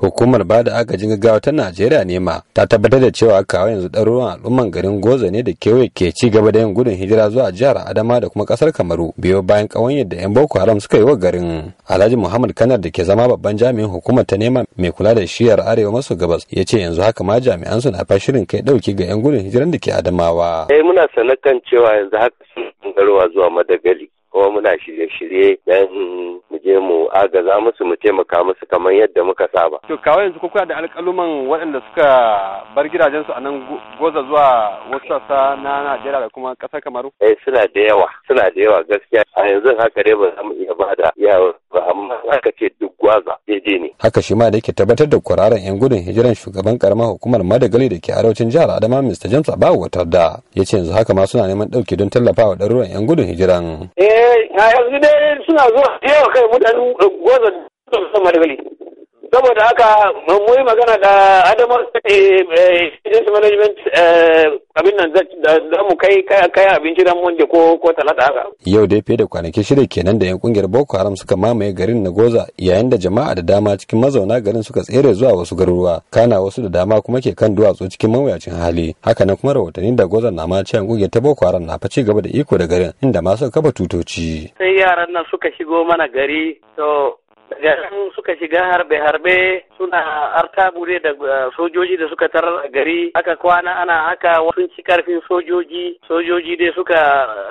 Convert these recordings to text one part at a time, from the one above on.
hukumar ba da agajin gaggawa ta najeriya ne ma ta tabbatar da cewa kawo yanzu ɗaruruwan al'umman garin goza ne da kewaye ke ci gaba da yin gudun hijira zuwa jihar adama da kuma ƙasar kamaru biyo bayan ƙawanyar da yan boko haram suka yi wa garin alhaji muhammad kanar da ke zama babban jami'in hukumar ta nema mai kula da shiyar arewa maso gabas ya ce yanzu haka ma jami'an su na fashirin kai ɗauki ga yan gudun hijiran da ke adamawa. eh muna kan cewa yanzu haka sun zuwa madagali kuma muna shirye-shirye don je mu agaza musu mu taimaka musu kamar yadda muka saba. To kawai yanzu kuka da alƙaluman waɗanda suka bar gidajensu a nan goza zuwa wasu sassa na Najeriya da kuma ƙasar Kamaru? Eh suna da yawa suna da yawa gaskiya a yanzu haka dai ba za mu iya ba da yawa amma aka ce duk gwaza daidai ne. Haka shi ma da yake tabbatar da kwararan 'yan gudun hijiran shugaban karamar hukumar Madagali da ke arewacin jihar Adama Mr. James Abawu watar da ya ce yanzu haka ma suna neman ɗauki don tallafa wa ɗaruran 'yan gudun hijiran. Eh, yanzu dai suna zuwa yawa kai mutanen gwaza da Madagali. Saboda haka mu yi magana da Adama eh, eh, management eh, abin nan za mu kai kai abinci ran monday ko ko talata haka yau dai fiye da kwanaki shida kenan da yan kungiyar boko haram suka mamaye garin na goza yayin da jama'a da dama cikin mazauna garin suka tsere zuwa wasu garuruwa kana wasu da dama kuma ke kan duwatsu cikin mawuyacin hali haka nan kuma rahotanni da gozan na ma cewa kungiyar ta boko haram na fa ci gaba da iko da garin inda ma suka kafa tutoci sai yaran nan suka shigo mana gari to suka shiga harbe-harbe suna artabu bude da uh, sojoji da suka tarar gari aka kwana ana haka sun ci karfin sojoji sojoji dai suka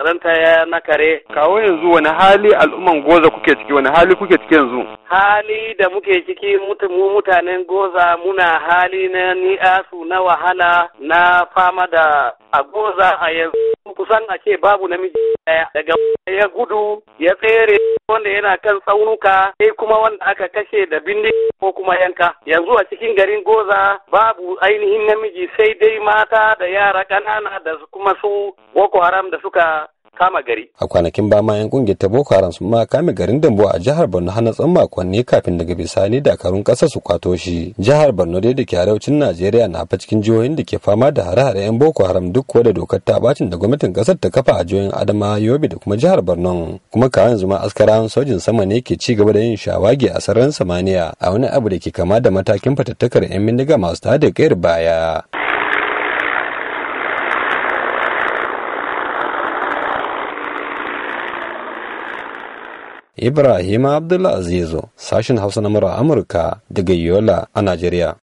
ranta ya na kare. Kawo yanzu wani hali al'umman goza kuke ciki wani hali kuke ciki yanzu? Hali da muke ciki mu mutanen goza muna hali na ni'asu na wahala na fama da a goza a yanzu kusan a ce babu namiji daya daga ya gudu ya tsere wanda yana kan tsaunuka sai kuma wanda aka kashe da bindi ko kuma yanka yanzu a cikin garin goza babu ainihin namiji sai dai mata da yara ƙanana da kuma su boko haram da suka kama gari. A kwanakin ba ma 'yan kungiyar ta Boko Haram sun ma kame garin Dambo a jihar Borno har na tsawon makonni kafin daga bisani dakarun ƙasa su kwato shi. Jihar Borno dai da ke arewacin Najeriya na fa cikin jihohin da ke fama da hare-hare 'yan Boko Haram duk kuwa da dokar ta bacin da gwamnatin ƙasar ta kafa a jihohin Adama, Yobe da kuma jihar Borno. Kuma ka yanzu ma askarawan sojin sama ne ke ci gaba da yin shawagi a sararin samaniya a wani abu da ke kama da matakin fatattakar 'yan bindiga masu tada kayar baya. Ibrahim Abdulaziz sashin Hausa na Amurka daga Yola a Najeriya.